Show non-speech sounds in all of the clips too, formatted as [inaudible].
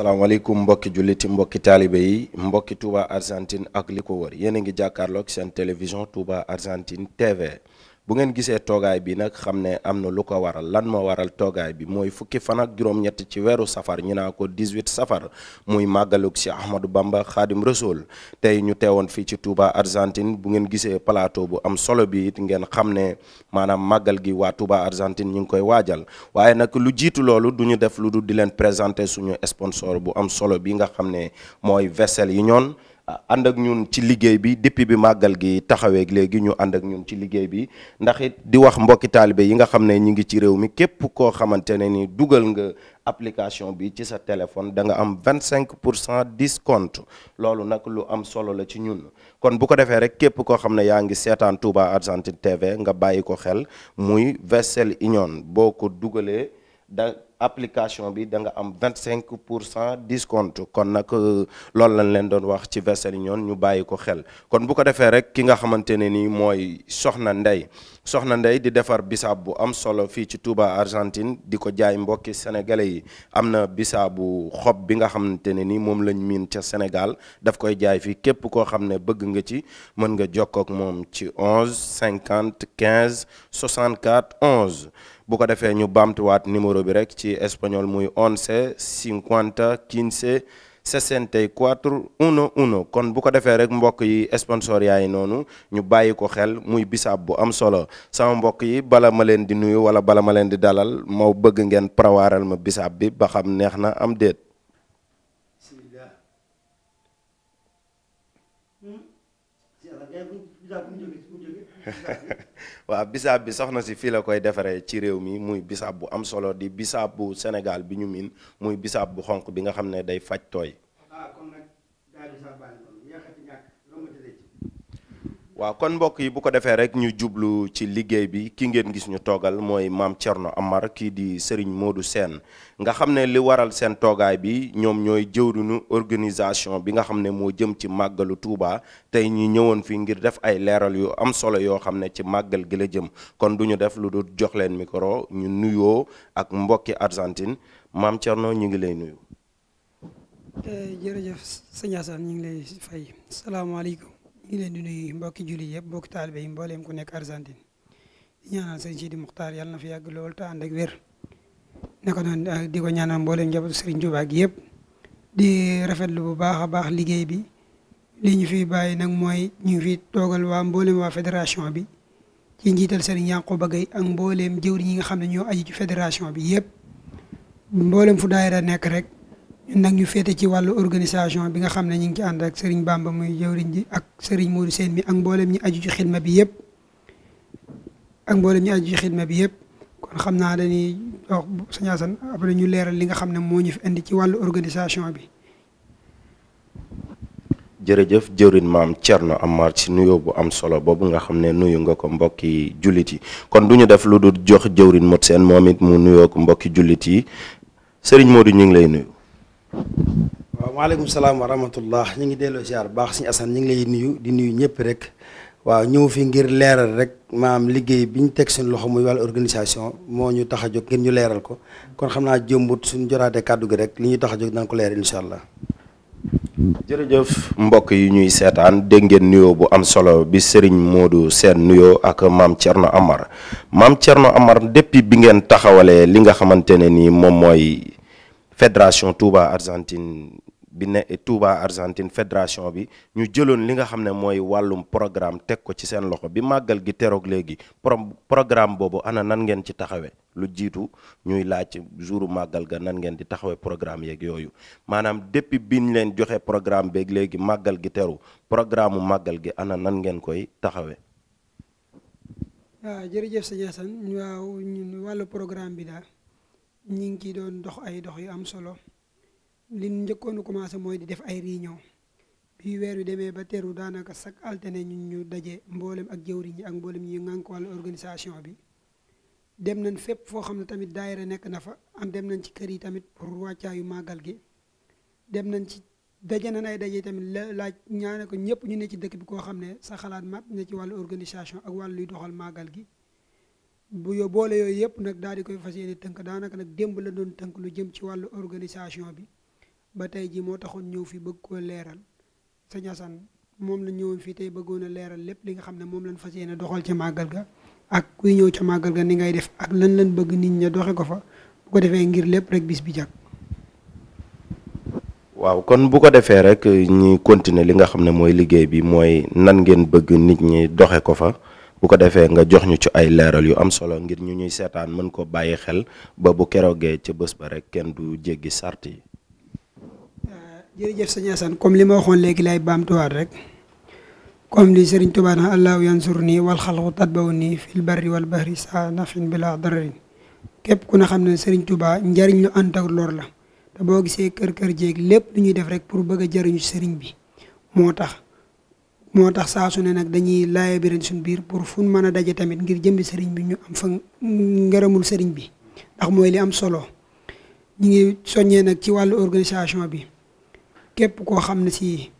asalaamaaleykum mbokki julliti mbokki taalibe yi mbokki Touba Argentine ak li ko wër yéen a ngi jàkkaarloog seen télévision Touba Argentine TV bu ngeen gisee toogaay bi nag xam ne am na lu ko waral lan moo waral toogaay bi mooy fukki fan ak juróom-ñett ci weeru safar ñu naa ko 18 safar muy màggalug si Ahmadou Bamba Xaadim Rasool tey ñu teewoon fii ci Touba Argentine bu ngeen gisee plateau bu am solo bi it ngeen xam ne maanaam màggal gi waa Touba Argentine ñu ngi koy waajal waaye nag lu jiitu loolu du ñu def lu dul di leen présenter suñu sponsor bu am solo bi nga xam ne mooy Vesel Union ànd ak ñun ci liggéey bi depuis bi màggal gi taxawee léegi ñu ànd ak ñun ci liggéey bi ndax it di wax mbokki taalibe yi nga xam ne ñu ngi ci réew mi képp koo xamante ne ni dugal nga application bi ci sa téléphone danga am vingt cinq pour cent discount loolu nag lu am solo la ci ñun kon bu ko defee rek képp koo xam ne yaa ngi seetaan Touba Argentine TV nga bàyyi ko xel muy Western Union boo ko dugalee da application bi da nga am vingt cinq pour cent discompte kon nag euh, loolu lañ leen doon wax ci Western Union ñu bàyyi ko xel kon bu ko defee rek ki nga xamante ne nii mooy Soxna Ndey Soxna Ndey di defar bisaab bu am solo fii ci Touba Argentine di ko jaay mbokki sénégalais yi am na bisaabu xob bi nga xamante ne nii moom lañ miin ca Sénégal daf koy jaay fii képp koo xam ne bëgg nga ci mën nga jokk ak moom ci cinquante 50 15 64 11 bu ko defee ñu baamtuwaat numéro bi rekk ci espagnol muy 11 50 15 64 11 kon bu ko defee rek mbokk yi sponsor yaay noonu ñu bàyyi ko xel muy bisaab bu am solo sama mbokk yi bala ma leen di nuyu wala bala ma leen di dalal ma bëgg ngeen parawaaral ma bisaab bi ba xam neex na am déet. [laughs] waaw bisaab bi soxna si fii la koy defaree ci réew mi muy bisaab bu am solo di bisaab bu Sénégal bi ñu miin muy bisaab bu xonq bi nga xam ne day faj tooy waaw kon mbokk yi bu ko defee rek ñu jublu ci liggéey bi ki ngeen gis ñu toogal mooy maam Thierno Amar kii di moo du seen nga xam ne li waral seen toogaay bi ñoom ñooy ñu organisation bi nga xam ne moo jëm ci màggalu Touba tey ñu ñëwoon fi ngir def ay leeral yu am solo yoo xam ne ci màggal gi la jëm kon du ñu def lu dul jox leen micro ñu nuyoo ak mbokki Argentine maam Thierno ñu ngi lay nuyu. Eh, jërëjëf sëñ ñu ngi lay fay salaamaaleykum. ñu leen di nuyu mbokki jullit yëpp mbokki taalibe yi mbooleem ku nekk Argentine di ñaanal sëñ Sidi Muxtaar na fi yàgg lool te ànd ak wér naka noonu eh, di ko ñaanal mbooleem njabootu sëriñ Tuubaa gi yëpp di rafetlu bu baax a baax liggéey bi li ñu fi bàyyi nag mooy ñu fi toogal waa mbooleem waa fédération bi ci njiital sëriñ Yankuba Gaye ak mbooleem jëwri ñi nga xam ne ñoo aju ci fédération bi yëpp mbooleem fu daayira nekk rek ñun nag ñu féete ci wàllu organisation bi nga xam ne ñu ngi ci ànd ak Serigne Bamba muy jëwriñ ak Serigne Modou Sène mi ak mboolem ñi aju ci xidma bi yëpp ak mboolem ñi aju bi yëpp kon xam naa dañuy wax sëñ Assane ñu leeral li nga xam ne moo ñu fi indi ci wàllu organisation bi. jërëjëf jëwrin maam Thierno Amar ci nuyoo bu am solo boobu nga xam ne nuyu nga ko mbokki jullit yi kon du def lu dul jox jëwrin mot seen moom it mu nuyoo ko mbokki jullit yi Serigne Modou ñu ngi lay nuyu. waaw maaleykum salaam wa rahmatullah ñu ngi delloo ziar bu baax suñu Assane ñu ngi lay nuyu di nuyu ñëpp rek waaw ñëw fi ngir leeral rek maam liggéey bi ñu teg suñu loxo muy wàllu organisation moo ñu tax a jóg ngir ñu leeral ko kon xam naa jëmbut suñu joraatee kàddu gi rek li ñu tax a jóg daan ko leer incha allah. jërëjëf mbokk yi ñuy seetaan dégg ngeen nuyoo bu am solo bi sëriñ moo du seen nuyoo ak maam Thierno Amar maam Thierno Amar depuis bi ngeen taxawalee li nga xamante ne ni moom mooy. fédération Touba Argentine bi ne Touba Argentine fédération bi ñu jëloon li nga xam ne mooy wàllum programme teg ko ci seen loxo bi màggal gi teroog léegi pro programme boobu ana nan ngeen ci taxawee lu jiitu ñuy laaj jour màggal ga nan ngeen di taxawee programme yeeg yooyu maanaam depuis bi ñu leen joxe programme beeg léegi màggal gi teru programme mu màggal gi ana nan ngeen koy taxawee. waaw ñi ngi ciy doon dox ay dox yu am solo li njëkkoon a commencé mooy di def ay réunion bi weer wi demee ba teru daanaka chaque altine ñu ñu daje mboolem ak jëwriñ yi ak mboolem yi ngànk wàllu organisation bi dem nañ fépp foo xam ne tamit daayira nekk na fa am dem nañ ci kër yi tamit pour wàccaayu màggal gi dem nañ ci daje nañ ay daje tamit la laaj ñaane ko ñëpp ñu ne ci dëkk bi koo xam ne sa xalaat mat na ci wàllu organisation ak wàll luy doxal màggal gi bu yo boole yooyu yëpp nag daal di koy fas yéene tënk daanaka nag démb la doon tënk lu jëm ci wàllu organisation bi ba tey ji moo taxoon ñëw fi bëgg ko leeral sëñ Assane moom la ñëwoon fii tey bëggoon a leeral lépp li nga xam ne moom lañ fas yéene doxal ca màggal ga ak kuy ñëw ca màggal ga ni ngay def ak lan lañ bëgg nit ña doxe ko fa bu ko defee ngir lépp rek bis bi jag waaw kon bu ko defee rek ñuy continuer li nga xam ne mooy liggéey bi mooy nan ngeen bëgg nit ñi doxe ko fa bu ko defee nga jox ñu ci ay leeral yu am solo ngir ñu ñuy seetaan mën ko bàyyi xel ba bu keroogee ca bés ba rek kenn du jéggi sart yi. jërëjëf sëñ Assane comme li ma waxoon léegi lay baamtuwaat rek comme li Serigne Touba na allahu yansur nii wal xalqu tatbaw nii fil barri wal bahri saa nafin bila dararin képp ku ne xam ne Serigne Touba njariñ lu ànd ak lor la te boo gisee kër kër jéeg lépp lu ñuy def rek pour bëgg a jariñu Serigne bi moo tax. moo tax saa su ne nag dañuy laaya biran suñ biir pour fu mën a daje tamit ngir jëmbi sëriñ bi ñu am fa ngërëmul sëriñ bi ndax mooy li am solo ñu ngi soññee nag ci wàllu organisation bi képp koo xam ne si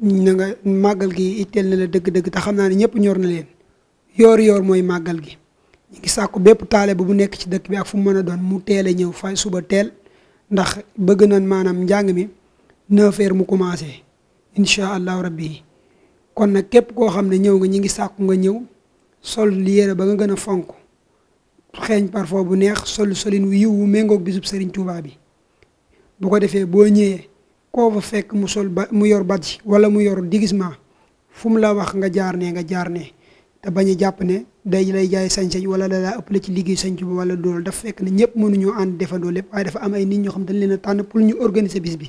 na màggal gi itteel na la dëgg-dëgg te xam naa ne ñëpp ñor na leen yoor-yoor mooy màggal gi ñu ngi sàkku bépp taale ba bu nekk ci dëkk bi ak fu mu mën a doon mu teel a ñëw fa suba teel ndax bëgg nañ maanaam njàng mi neuf mu commencé incha allahu rabbi kon nag képp koo xam ne ñëw nga ñu ngi sàkku nga ñëw sol li yére ba nga gën a fonk xeeñ parfum bu neex sol solin wu yiw wu méngoog bisub sëriñ Tuubaa bi bu ko defee boo ñëwee koo fa fekk mu sol ba mu yor badge wala mu yor déguisement fu mu la wax nga jaar ne nga jaar ne te bañ a jàpp ne day lay jaay sañ-sañ wala da laa ëppale ci liggéey sañ bi wala dool dafa fekk ne ñëpp mënuñoo ànd defandoo lépp waaye dafa am ay nit ñoo xam dañ leen tànn pour ñu organiser bis bi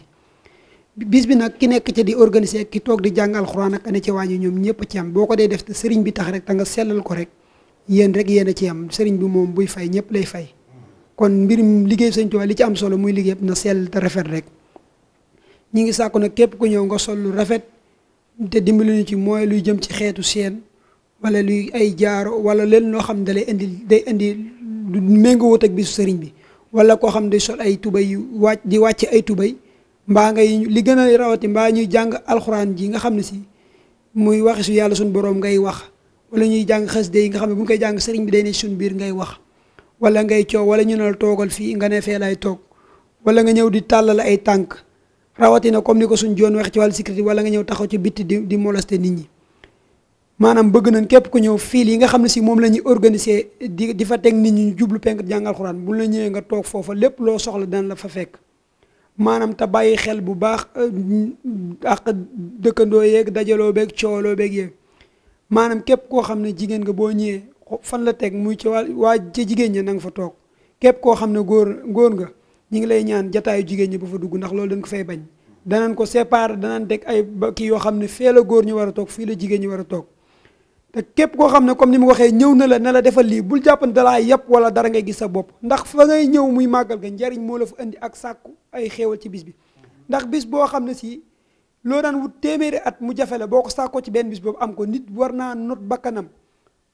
bis bi nag ki nekk ca di organiser ki toog di jàng alxuraan ak ane ca waañu ñoom ñëpp ci am boo ko dee def te sëriñ bi tax rek te nga sellal ko rek yéen rek yéen a ci am sëriñ bi moom buy fay ñëpp lay fay kon mbirum liggéey sëñ Tuubaa li ci am solo muy liggéey na sell te rafet rek ñi ngi sàkku nag képp ku ñëw nga sol lu rafet te dimbali ñu ci mooy luy jëm ci xeetu seen wala luy ay jaaro wala leen loo xam da indi day indi lu méngoo wut ak bisu sëriñ bi wala koo xam day sol ay tubay yu wàcc di wàcc ay tubay mbaa ngay li gën a rawati mbaa ñuy jàng alxuraan ji nga xam ne si muy waxi su yàlla suñu boroom ngay wax wala ñuy jàng xasida yi nga xam ne bu koy jàng sëriñ bi day biir ngay wax wala ngay coow wala ñu ne toogal fii nga ne fee lay toog wala nga ñëw di tàllal ay tànk rawatina comme ni ko suñ joon wax ci wàllu sécurité wala nga ñëw taxaw ci bitti di di nit ñi maanaam bëgg nañ képp ku ñëw fii yi nga xam ne si moom la ñuy organiser di di fa teg nit ñi ñu jublu penk jàng alxuraan bu la ñëwee nga toog foofa lépp loo soxla dana la fa fekk maanaam te bàyyi xel bu baax euh, ak dëkkandoo yeeg dajaloo beeg cooloo beeg yeeg maanaam képp koo xam ne jigéen nga boo ñëwee fan la teg muy ci waa waa ci jigéen ña na nga fa toog képp koo xam ne góor góor nga ñu ngi lay ñaan jataayu jigéen ñi bu fa dugg ndax loolu dañ ko fay bañ danañ ko séparer danañ teg ay kii yoo xam ne fee la góor ñu war a toog fii la jigéen ñi war a toog te képp koo xam ne comme ni mu waxee ñëw na la ne la defal lii bul jàppan dalaa yàpp wala dara ngay gis sa bopp ndax fa ngay ñëw muy màggal nga njariñ moo la fa indi ak sàkku ay xéewal ci bis bi ndax bis boo xam ne si loo daan wut téeméeri at mu jafe boo ko sàkkoo ci benn bis boobu am ko nit war naa not bakkanam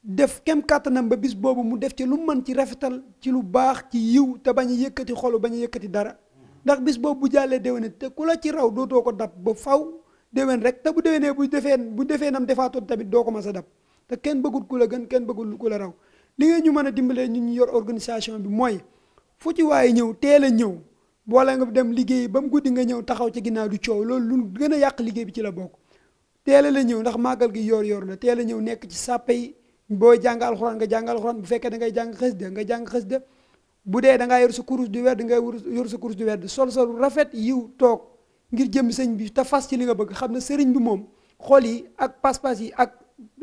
def kem kàttanam ba bis boobu mu def ci lu mën ci rafetal ci lu baax ci yiw te bañ a yëkkati xolu bañ a yëkkati dara ndax bis boobu bu jàllee déwéne te ku la ci raw dootoo ko dab ba faw déwén rek te bu déwénee bu defee bu defee nam defaatoon tamit doo ko mën sa dab te kenn bëggul ku la gën kenn bëggul ku la raw li ngeen ñu mën a dimbalee ñun ñu yor organisation bi mooy fu ci waaye ñëw teel a ñëw boole nga dem liggéey ba mu guddi nga ñëw taxaw ci ginnaaw du coow loolu lu gën yàq liggéey bi ci la bokk teela la ñëw ndax màggal gi yoor yor la teel a ñëw nekk ci sàppe yi booy jàng alxuraan nga jàng alxuraan bu fekkee da ngay jàng xasida nga jàng xasida bu dee da ngaa yor sa kurus du wedd nga yor sa kurus du wedd sol sol rafet yiw toog ngir jëm sëñ bi te fas ci li nga bëgg xam ne sëriñ bi moom xol yi ak pas yi ak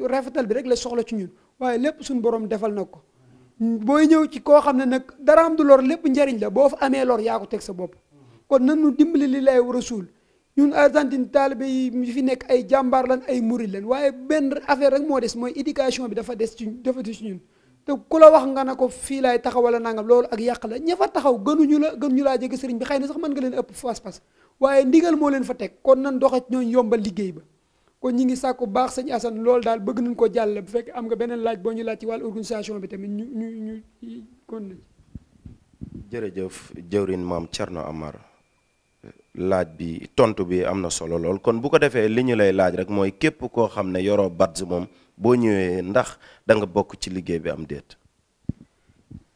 rafetal bi rek la soxla ci ñun waaye lépp suñu borom defal na ko booy ñëw ci koo xam ne nag dara du lor lépp njariñ la boo fa amee lor yaa ko teg sa bopp kon nanu dimbali li lay rasul ñun Argentine taalibe yi fi nekk ay jàmbaar lan ay murid lan waaye benn affaire moo des mooy éducation bi dafa des ci dafa des ci ñun te ku wax nga ne ko fii laay taxawala nangam loolu ak yàq la ña taxaw gënuñu la gënuñu laa jege sëriñ bi xëy na sax nga leen ëpp fas fas waaye ndigal moo leen fa teg kon nan doxat ñooñu yombal liggéey ba kon ñi ngi sàkku baax sëñ Assane lool daal bëgg nañ ko jàll bu fekk am nga beneen laaj boo ñu laaj ci wàllu organisation bi tamit ñu ñu ñu kon nañ jërëjëf jëwrin laaj bi tontu bi am na solo lool kon bu ko defee li ñu lay laaj rek mooy képp koo xam ne yoroo badge moom boo ñëwee ndax da nga bokk ci liggéey bi am déet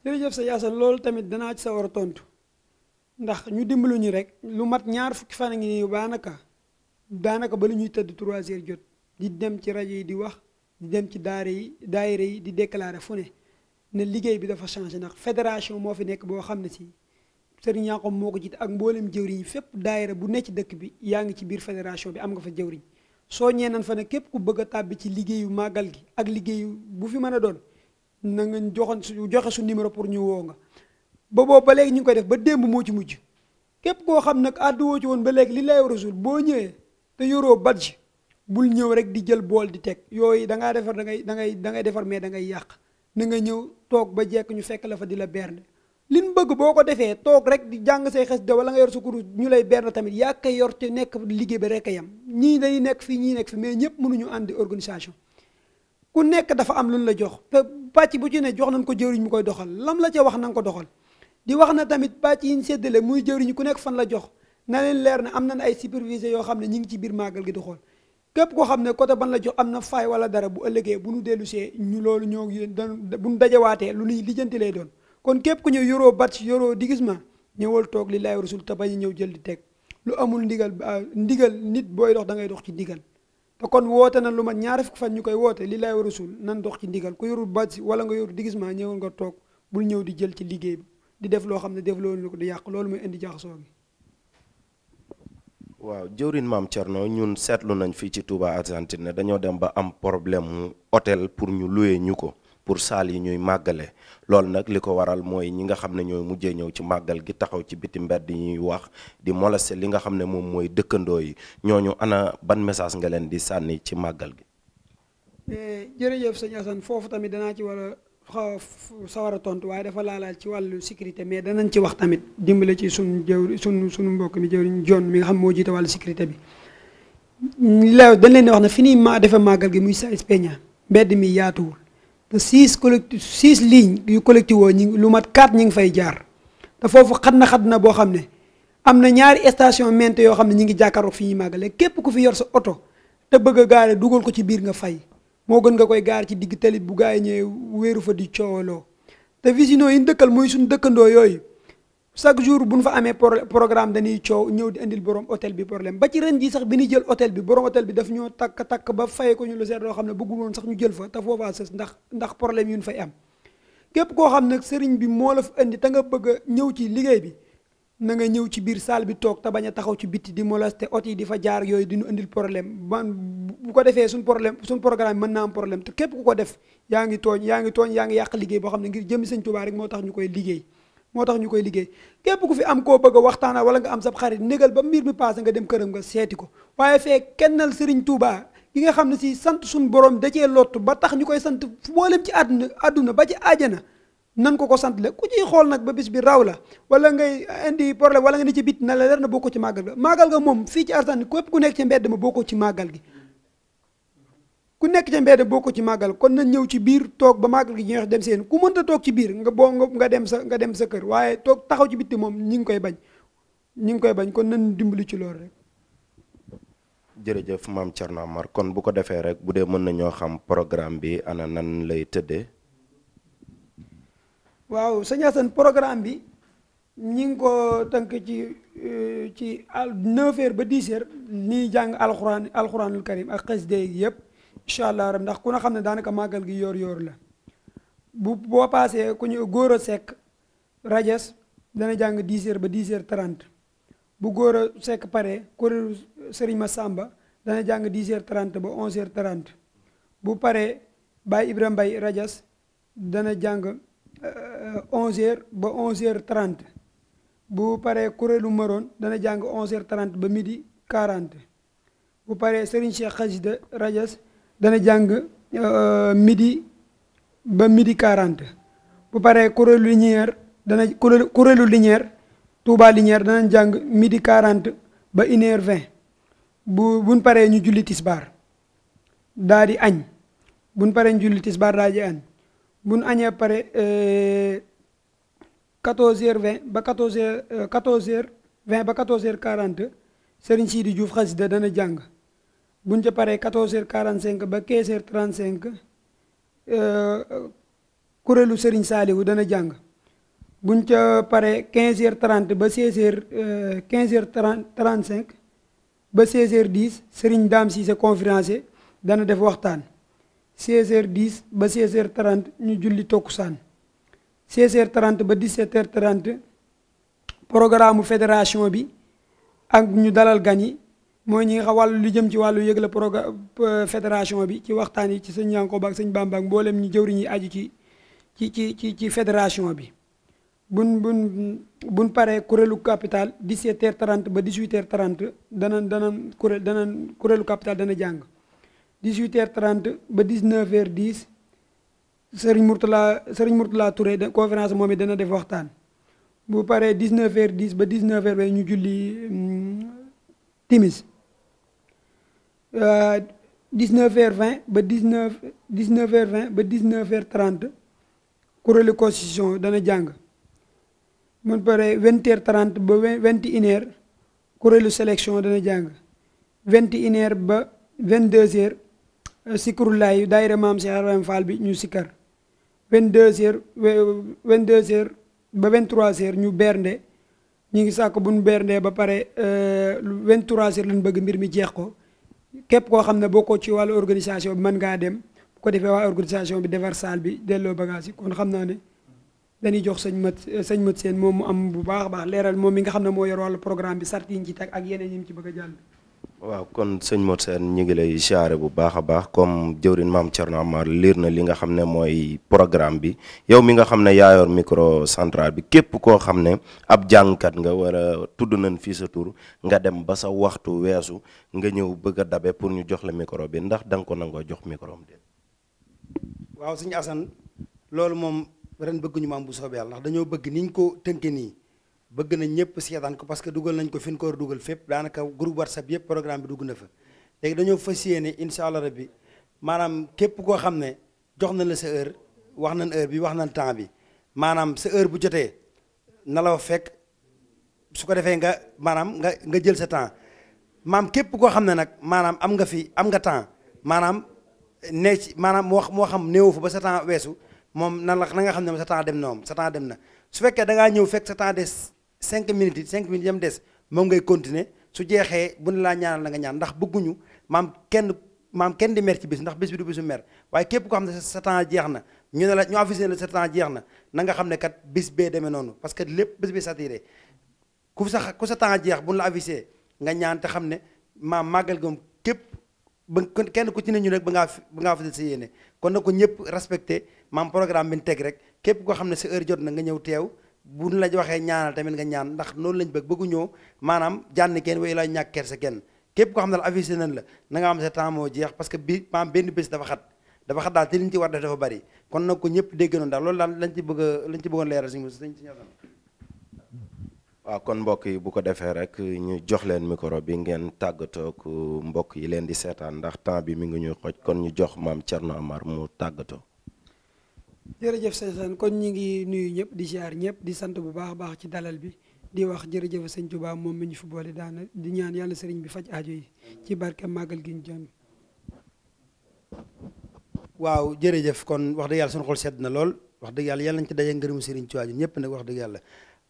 jërëjëf sa Assane loolu tamit danaa sawar a tontu ndax ñu dimbalu ñu rek lu mat ñaar fukki fan ngi nii baanaka daanaka ba lu ñuy tëdd trois heures jot di dem ci rajo yi di wax di dem ci daara yi daayira yi di déclarer fu ne ne liggéey bi dafa changé ndax fédération moo fi nekk boo xam ne si sëriñ Yaaqob moo ko jiite ak mboolem jëwriñ fépp daayira bu ne dëkk bi yaa ngi ci biir fédération bi am nga fa jëwriñ soo ñee nan fa ne képp ku bëgg a tàbbi ci liggéeyu màggal gi ak liggéeyu bu fi mën a doon na nga joxoon su joxe su numéro pour ñu woo nga ba boobu ba léegi ñu ngi def ba démb moo ci mujj képp koo xam nag àddu woo ci woon ba léegi li lay rasul boo ñëwee te yoroo badge bul ñëw rek di jël bool di teg yooyu da ngaa defar da ngay da ngay da ngay defar mais da ngay yàq na nga ñëw toog ba jekk ñu fekk la fa di la bernde li ñu bëgg boo ko defee toog rek di jàng say xes de wala nga yor sa kurus ñu lay bernde tamit yaa koy yor te nekk liggéey ba rek a yem ñii dañuy nekk fii ñii nekk fii mais ñëpp mënuñu àndi organisation ku nekk dafa am lu ñu la jox te pàcc bu ci ne jox nañ ko jëwriñ mu koy doxal lam la cee wax na nga ko doxal di wax na tamit yi ñu séddale muy jëwriñ ku nekk fan la jox na leen leer na am na na ay superviseur yoo xam ne ñi ngi ci biir màggal gi di xool képp koo xam ne côté ban la jox am na faay wala dara bu ëllëgee bu nu dellusee ñu loolu ñoo bu nu dajawaatee lu nuy lijjanti lay doon kon képp ku ñëw yoroo batch yoroo di ñëwal toog li laay rasul te bañ a ñëw jël di teg lu amul ndigal ah, ndigal nit booy dox da ngay dox ci ndigal te kon woote na lu ma ñaari fukki fan ñu koy woote li laay rasul nan dox ci ndigal ku yorul batch wala nga yoru di gis ñëwal nga toog bul ñëw di jël ci liggéey bi di def loo xam ne def loolu ko di yàq loolu mooy indi jaxasoo gi waaw jëwrin maam Thierno ñun seetlu nañ fii ci Touba Argentine ne dañoo dem ba am problème mu hôtel pour ñu louer ñu ko pour saal yi ñuy màggale loolu nag li ko waral mooy ñi nga xam ne ñooy mujjee ñëw ci màggal gi taxaw ci biti di ñuy wax di molester li nga xam ne moom mooy dëkkandoo yi ñoo ñooñu ana ban message nga leen di sànni ci màggal gi. Eh, sawar a tontu waaye dafa laalaal ci wàllu sécurité mais danañ ci wax tamit dimbale ci suñu jëw suñu suñu mbokk mi jëwriñ John mi nga xam moo jiite wàllu sécurité bi la dañ leen di wax na fi nii ma defe màggal gi muy Sáenz Peña mbedd mi yaatuwul te six collectif six lignes yu collectif woo ñi lu mat quatre ñi ngi fay jaar te foofu xat na xat na boo xam ne am na ñaari station mente yoo xam ne ñi ngi jàkkaaroo fi ñuy màggale képp ku fi yor sa oto te bëgg a gaare ko ci biir nga fay moo gën nga koy gaar ci digg talit bu gaa yi ñëwee wéeru fa di coowaloo te visinoo yi dëkkal mooy suñu dëkkandoo yooyu chaque jour bu nu fa amee programme dañuy coow ñëw di indil borom hôtel bi problème ba ci ren ji sax bi ñuy jël hôtel bi borom hôtel bi daf ñoo takk takk ba fay ko ñu lu seet loo xam ne bëggul woon sax ñu jël fa te foofaa sës ndax ndax problème yu ñu fay am képp koo xam nag sëriñ bi moo la fa indi te nga bëgg ñëw ci liggéey bi na nga ñëw ci biir salle bi toog te bañ a taxaw ci bitti di molester hôtel yi di fa jaar yooyu di indil problème man bu ko defee suñ problème suñ programme mën naa am problème te képp ku ko def yaa ngi tooñ yaa ngi tooñ yaa ngi yàq liggéey boo xam ne ngir jëmmi sëñ Tuubaa rek moo tax ñu koy liggéey moo ñu koy liggéey képp ku fi am koo bëgg a waxtaana wala nga am sab xarit négal ba mbir mi passé nga dem këram nga seeti ko waaye fee kennal sëriñ Tuubaa gi nga xam ne si sant suñ borom da cee ba tax ñu koy sant mboolem ci àdduna àdduna ba ci àjjana nan ko ko sant ku ciy xool nag ba bis bi raw la wala ngay indi problème wala nga ni ci bit na la leer na bokkoo ci màggal ga màggal ga moom fii ci Argentine képp ku nekk ci mbedd ma bokkoo ci màggal gi ku nekk ca mbedd ko ci màggal kon nañ ñëw ci biir toog ba màggal gi jeex dem seen ku mënta toog ci biir nga boo nga dem sa nga dem sa kër waaye toog taxaw ci bitti moom ñi ngi koy bañ ñi ngi koy bañ kon nañ dimbali ci loolu rek. jërëjëf maam Thierno Amar kon bu ko defee rek bu dee mën nañoo xam programme bi ana nan lay tëddee. waaw sëñ Assane programme bi ñi ngi ko tënk ci euh, ci al 9 ba 10h nii jàng alxuraan alxuraanul karim ak xasida yi yëpp. incha allah rab ndax ku ne xam ne daanaka màggal gi yoor yoor la bu boo paasee ku ñu góor a sekk rajes dana jàng 10 heures ba 10 heures 30 bu góor a sekk pare kuréelu Serigne sàmba dana jàng 10 heures 30 ba 11 heures 30 bu paree Baye Ibrahima Mbaye rajas dana jàng 11 euh, heures ba 11 heures 30 bu paree kuréelu Maroon dana jàng 11 heures 30 ba midi 40 bu pare Serigne Cheikh Khasida rajas dana jàng midi ba midi 40 bu paree kuréelu linière dana kuréelu linière Touba linière danañ jàng midi 40 ba une heure bu buñ paree ñu jullitis tisbaar daa di añ buñ paree ñu julli tisbaar daa di añ buñ añee pare 14 euh, heures 20 ba 14 euh, heures 14 heures 20 ba 14 heures 40 Serigne Sidi Diouf xasida dana jàng. buñ ca paree 14 heures 45 ba 15 heures 35 euh, kuréelu Serigne Saliou dana jàng buñ ca paree 15 heures 30 ba 16 heures 15 euh, heures 30 35 ba 16 heures 10 Serigne Dame Cissé conférencier dana def waxtaan 16 heures 10 ba 16 heures 30 ñu julli takkusaan 16 heures 30 ba 17 heures 30 programme fédération bi ak ñu dalal gan yi mooy ñi nga wàllu lu jëm ci wàllu yëgle programme fédération bi ci waxtaan yi ci sëñ Yankoba ak sëñ Bamba ak mboolem ñi jëwriñ ñi aju ci ci ci ci ci fédération bi buñ buñ buñ paree kuréelu capital 17h30 ba 18h30 dana dana kuréel dana kuréelu capital dana jàng 18h30 ba 19h10 Serigne Mourtala Serigne Mourtala Touré de conférence moom it dana def waxtaan bu paree 19h10 ba 19h ba ñu julli mm, timis 19 euh, heures 20 ba 19 19 heures 20 ba 19 heures 30 kuréelu constitution dana jàng mun pare 20 heures 30 ba 21 heures kuréelu sélection dana jàng 21 heures ba 22 heures euh, sikurulaay daayira maam Cheikh Ibrahima Fall bi ñu sikkar 22 heures 22 heures ba 23 heures ñu bernde ñu ngi sàkk bu ñu berndee ba pare 23 euh, heures lañ bëgg mbir mi jeex ko képp koo xam ne bokkoo ci wàllu organisation bi mën ngaa dem bu ko defee waa organisation bi defar salle bi delloo bagage yi kon xam naa ne dañuy jox sañ mat euh, sëñ mat seen moom mu am bu baax a baax leeral moom mi nga xam ne moo yor wàllu programme bi sart yi ñu ci teg ak yeneen yi mu ci bëgg a jàll. waaw kon sëñ Modou Sène ñu ngi lay siyaare bu baax a baax comme jëwrin maam Thierno Amar liir na li nga xam ne mooy programme bi yow mi nga xam ne yaayoor micro central bi képp koo xam ne ab jàngkat nga wala tudd nañ fii sa tuur nga dem ba sa waxtu weesu nga ñëw bëgg dabe pour ñu jox la micro bi ndax da nga ko nangoo jox micro mu déet. waaw sëñ Assane loolu moom ren bëgguñu maam bu soobee yàlla ndax dañoo bëgg niñ ko tënke nii. bëgg nañ ñëpp seetaan ko parce que dugal nañ ko fi ñu ko war dugal fépp daanaka groupe whatsapp yëpp programme bi dugg na fa léegi dañoo fas yéene incha rabbi maanaam képp koo xam ne jox na la sa heure wax na heure bi wax na temps bi maanaam sa bu jotee na la fekk su ko defee nga maanaam nga nga jël sa temps maam képp koo xam ne nag maanaam am nga fi am nga temps maanaam ne ci maanaam moo moo xam néewu fa ba sa temps weesu moom nan la na nga xam ne sa temps dem na moom sa temps dem na su fekkee da ñëw fekk sa temps des cinq minutes yi cinq minutes yam des moom ngay continuer su jeexee bu ne laa ñaanal na nga ñaan ndax bëgguñu maam kenn maam kenn di mer ci bis ndax bis bi du bisu mer waaye képp ko xam ne sa temps jeex na ñu ne la ñu avisé la sa temps jeex na na nga xam ne kat bis bee demee noonu parce que lépp bis bi saturé ku sa ku sa temps jeex bu ñu la avisé nga ñaan te xam ne maam màggal goom képp ba kenn ku ci ne ñu rek ba ngaa ba ngaa fësal sa yéene kon na ko ñëpp respecté maam programme bi nu teg rek képp koo xam ne sa heure jot na nga ñëw teew buñ la waxee ñaanal tamit nga ñaan ndax noon lañ bëgg bëgguñoo maanaam jànn kenn way lay ñàkk kersa kenn képp koo xam ne la avisé nañ la nanga am sa temps moo jeex parce que bi maam benn bés dafa xat dafa xat daal te ci war def dafa bari kon nag ñëpp dégg noonu daal daal lañ ci bëgg a lañ ci bëggoon leeral suñu suñ suñu waaw kon mbokk yi bu ko defee rek ñu jox leen micro bi ngeen tàggatoo mbokk yi leen di seetaan ndax temps bi mi ngi ñuy xoj kon ñu jox maam Thierno Amar mu tàggatoo jërëjëf sëñ San kon ñu ngi nuyu ñëpp di ziar ñëpp di sant bu baax baax ci dalal bi di wax jërëjëf sëñ Touba moom mi ñu fi boole daana di ñaan yàlla sëriñ bi faj aajo yi ci barke màggal gi ñu jëm. waaw jërëjëf kon wax dëgg yàlla suñu xol na lool wax dëgg yàlla yàlla nañ ci daje ngërëmu sëriñ Touba ñëpp nag wax dëgg yàlla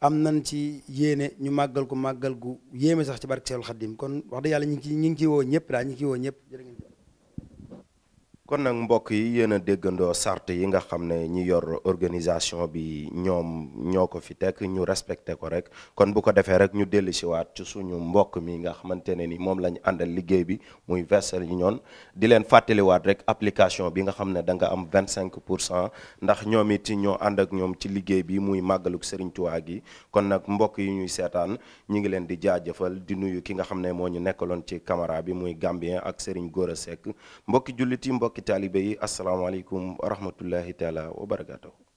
am nañ ci yéene ñu màggal ko màggal gu yéeme sax ci barke Seexul Xaddim kon wax dëgg yàlla ñu ngi ci ñu ngi ciy woo ñëpp daal ñu ngi woo ñëpp kon nag mbokk yi yéen a déggandoo sart yi nga xam ne ñi yor organisation bi ñoom ñoo ko fi teg ñu respecté ko rek kon bu ko defee rek ñu dellu siwaat ci suñu mbokk mi nga xamante ne nii moom la ñu àndal liggéey bi muy Western Union di leen fàttaliwaat rek application bi nga xam ne da nga am 25 pour cent ndax ñoom it ñoo ànd ak ñoom ci liggéey bi muy màggaluk Serigne tuwaa gi kon nag mbokk yi ñuy seetaan ñi ngi leen di jaajëfal di nuyu ki nga xam ne moo ñu nekkaloon ci caméra bi muy Gambien ak Serigne Gora Seck mbokki jullit yi mbokk mbokki taalibe yi asalaamaaleykum wa rahmatullahi taala wa barakaatu.